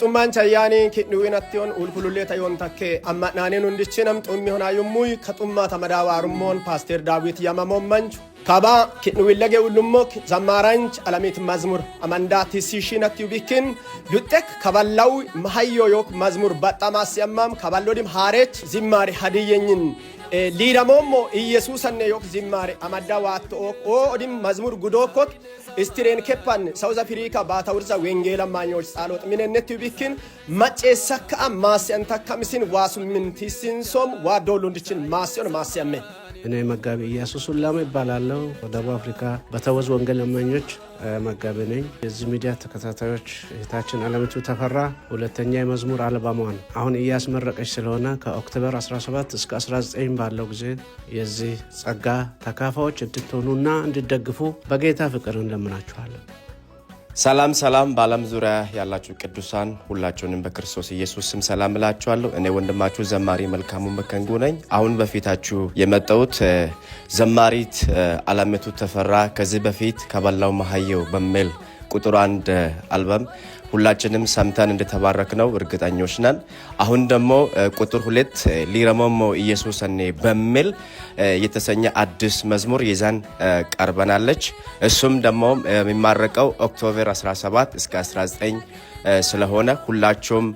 ጡማን ቻያኔ ኬድንዊነትዮን ኡልኩሉሌተ ዮን ተኬ አማናኔን ሁንድችነም ጡሚ ሆና ዩሙይ ከጡማ ተመዳዋሩሞን ፓስቴር ዳዊት የመሞን መንቹ ከባ ኬድንዊለጌ ኡሉሞክ ዘማራንች አለሚት መዝሙር አመንዳቲ ሲሺነትዩ ቢክን ዱጤክ ከባላዊ መሀዮ ዮክ መዝሙር በጣም አስየማም ከባሎዲም ሃሬች ዝማሪ ሀድየኝን ሊረሞሞ ኢየሱሰነ ዮክ ዝማሬ አማዳ ዋቶ ኦ ኦዲም መዝሙር ጉዶኮት ስትሬን ኬፓን ሳውዝ አፍሪካ ባታውርዛ ወንጌላ ማኞች ጻሎት ምንነት ቢክን መጬ ሰካ ማስያን ተከምሲን ዋሱ ምንቲስን ሶም ዋዶሉ እንድችን ማስዮን ማስያሜ እኔ መጋቢ ኢየሱስ ሁላማ ይባላለሁ። ደቡብ አፍሪካ በተወዝ ወንገል ለማኞች መጋቢ ነኝ። የዚህ ሚዲያ ተከታታዮች እህታችን አለምቱ ተፈራ ሁለተኛ የመዝሙር አልበሟን አሁን እያስመረቀች ስለሆነ ከኦክቶበር 17 እስከ 19 ባለው ጊዜ የዚህ ጸጋ ተካፋዎች እንድትሆኑና እንድደግፉ በጌታ ፍቅር እንለምናችኋለን። ሰላም ሰላም፣ በዓለም ዙሪያ ያላችሁ ቅዱሳን ሁላችሁንም በክርስቶስ ኢየሱስ ስም ሰላም እላችኋለሁ። እኔ ወንድማችሁ ዘማሪ መልካሙ መከንጉ ነኝ። አሁን በፊታችሁ የመጣሁት ዘማሪት አለምቱ ተፈራ ከዚህ በፊት ከበላው መሀየው በሚል ቁጥር አንድ አልበም ሁላችንም ሰምተን እንደተባረክ ነው እርግጠኞች ነን። አሁን ደግሞ ቁጥር ሁለት ሊረመሞ ኢየሱስኔ በሚል የተሰኘ አዲስ መዝሙር ይዘን ቀርበናለች። እሱም ደግሞ የሚማረቀው ኦክቶበር 17 እስከ 19 ስለሆነ ሁላችሁም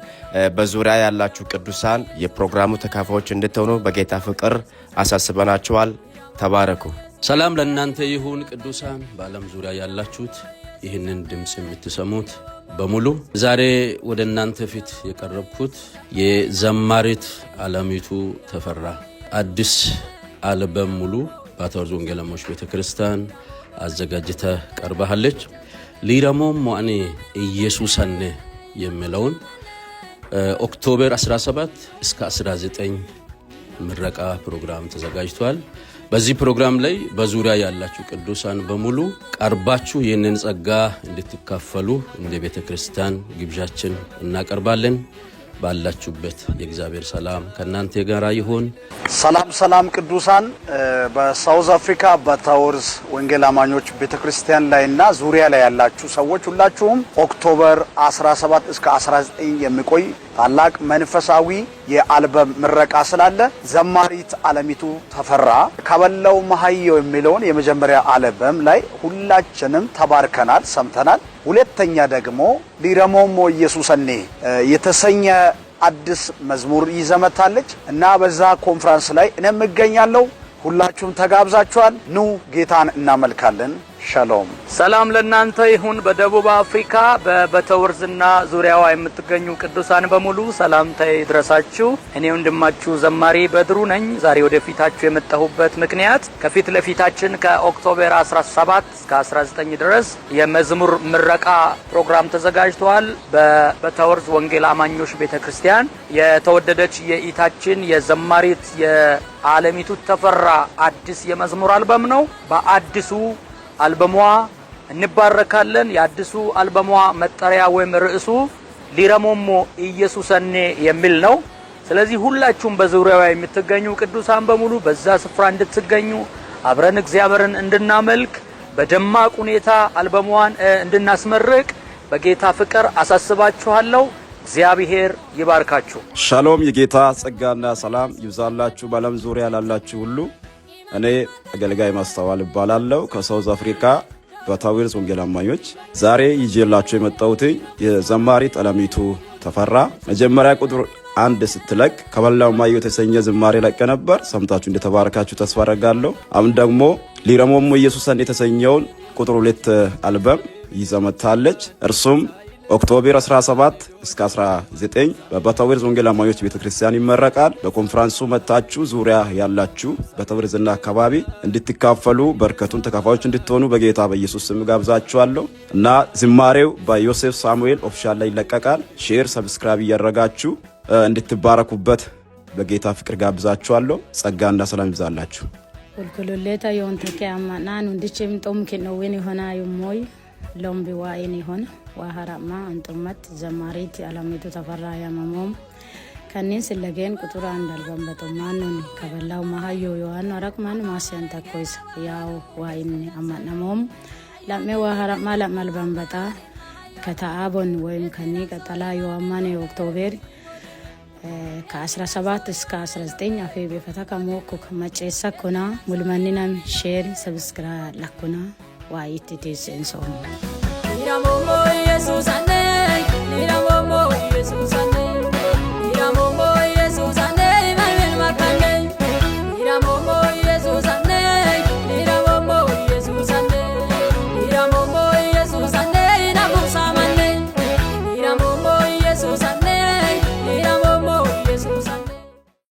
በዙሪያ ያላችሁ ቅዱሳን የፕሮግራሙ ተካፋዮች እንድትሆኑ በጌታ ፍቅር አሳስበናችኋል። ተባረኩ። ሰላም ለእናንተ ይሁን ቅዱሳን በዓለም ዙሪያ ያላችሁት ይህንን ድምፅ የምትሰሙት በሙሉ ዛሬ ወደ እናንተ ፊት የቀረብኩት የዘማሪት አለሚቱ ተፈራ አዲስ አልበም ሙሉ በአተወርዝ ወንጌላሞች ቤተ ክርስቲያን አዘጋጅተ ቀርባሃለች። ሊረሞም ሞአኔ ኢየሱሰኔ የሚለውን ኦክቶበር 17 እስከ 19 ምረቃ ፕሮግራም ተዘጋጅቷል። በዚህ ፕሮግራም ላይ በዙሪያ ያላችሁ ቅዱሳን በሙሉ ቀርባችሁ ይህንን ጸጋ እንድትካፈሉ እንደ ቤተ ክርስቲያን ግብዣችን እናቀርባለን። ባላችሁበት የእግዚአብሔር ሰላም ከእናንተ ጋር ይሆን። ሰላም ሰላም፣ ቅዱሳን በሳውዝ አፍሪካ በታወርዝ ወንጌል አማኞች ቤተ ክርስቲያን ላይና ዙሪያ ላይ ያላችሁ ሰዎች ሁላችሁም ኦክቶበር 17 እስከ 19 የሚቆይ ታላቅ መንፈሳዊ የአልበም ምረቃ ስላለ ዘማሪት አለሚቱ ተፈራ ከበላው መሀየው የሚለውን የመጀመሪያ አልበም ላይ ሁላችንም ተባርከናል፣ ሰምተናል። ሁለተኛ ደግሞ ሊረሞሞ ኢየሱሰኔ የተሰኘ አዲስ መዝሙር ይዘመታለች እና በዛ ኮንፍራንስ ላይ እኔም እገኛለሁ። ሁላችሁም ተጋብዛችኋል። ኑ ጌታን እናመልካለን። ሻሎም ሰላም ለእናንተ ይሁን። በደቡብ አፍሪካ በበተወርዝና ዙሪያዋ የምትገኙ ቅዱሳን በሙሉ ሰላምታ ይድረሳችሁ። እኔ ወንድማችሁ ዘማሪ በድሩ ነኝ። ዛሬ ወደፊታችሁ የመጣሁበት ምክንያት ከፊት ለፊታችን ከኦክቶበር 17 እስከ 19 ድረስ የመዝሙር ምረቃ ፕሮግራም ተዘጋጅተዋል። በበተወርዝ ወንጌል አማኞች ቤተ ክርስቲያን የተወደደች የኢታችን የዘማሪት የአለሚቱ ተፈራ አዲስ የመዝሙር አልበም ነው። በአዲሱ አልበሟ እንባረካለን። የአዲሱ አልበሟ መጠሪያ ወይም ርዕሱ ሊረሞሞ ኢየሱሰኔ የሚል ነው። ስለዚህ ሁላችሁም በዙሪያዋ የምትገኙ ቅዱሳን በሙሉ በዛ ስፍራ እንድትገኙ አብረን እግዚአብሔርን እንድናመልክ በደማቅ ሁኔታ አልበሟን እንድናስመርቅ በጌታ ፍቅር አሳስባችኋለሁ። እግዚአብሔር ይባርካችሁ። ሻሎም። የጌታ ጸጋና ሰላም ይብዛላችሁ። በዓለም ዙሪያ ላላችሁ ሁሉ እኔ አገልጋይ ማስተዋል እባላለሁ ከሳውዝ አፍሪካ በታዊርስ ወንጌል አማኞች። ዛሬ ይዤላችሁ የመጣሁት የዘማሪ ጠለሚቱ ተፈራ መጀመሪያ ቁጥር አንድ ስትለቅ ከበላው ማየ የተሰኘ ዝማሬ ለቀ ነበር። ሰምታችሁ እንደተባረካችሁ ተስፋ አደርጋለሁ። አሁን ደግሞ ሊረሞሙ ኢየሱሰን የተሰኘውን ቁጥር ሁለት አልበም ይዘመታለች እርሱም ኦክቶበር 17 እስከ 19 በበታዌር ወንጌል አማኞች ቤተክርስቲያን ይመረቃል። በኮንፈረንሱ መታችሁ ዙሪያ ያላችሁ በታዌር ዝና አካባቢ እንድትካፈሉ በርከቱን ተካፋዮች እንድትሆኑ በጌታ በኢየሱስ ስም ጋብዛችኋለሁ እና ዝማሬው በዮሴፍ ሳሙኤል ኦፊሻል ላይ ይለቀቃል። ሼር፣ ሰብስክራይብ እያደረጋችሁ እንድትባረኩበት በጌታ ፍቅር ጋብዛችኋለሁ። ጸጋና ሰላም ይብዛላችሁ። ቁልቁሉሌታ የሆንተኪያማ ናን ወንድቼም ጦምኪ ነው ዌን የሆና የሞይ ሎምቢ ዋይን ይሆን ዋሃራማ አንጡመት ዘማሪት አለሚቱ ተፈራ ያመሞም ከኒን ስለገን ቁጡር አንዳልበን በጡማኑን ከበላው መሀዮ ዮዋን ረቅማን ማስያን ተኮይስ ያው ዋይን አማነሞም ላሜ ዋሃራማ ላመልበን በጣ ከተአቦን ወይም ከኒ ቀጠላ የዋማን የኦክቶቤር ከ17 እስከ 19 አፌ ቤፈታ ከሞኩ መጨሰኩና ሙልመኒናም ሼር ሰብስክራ ላኩና waa itti teesseensa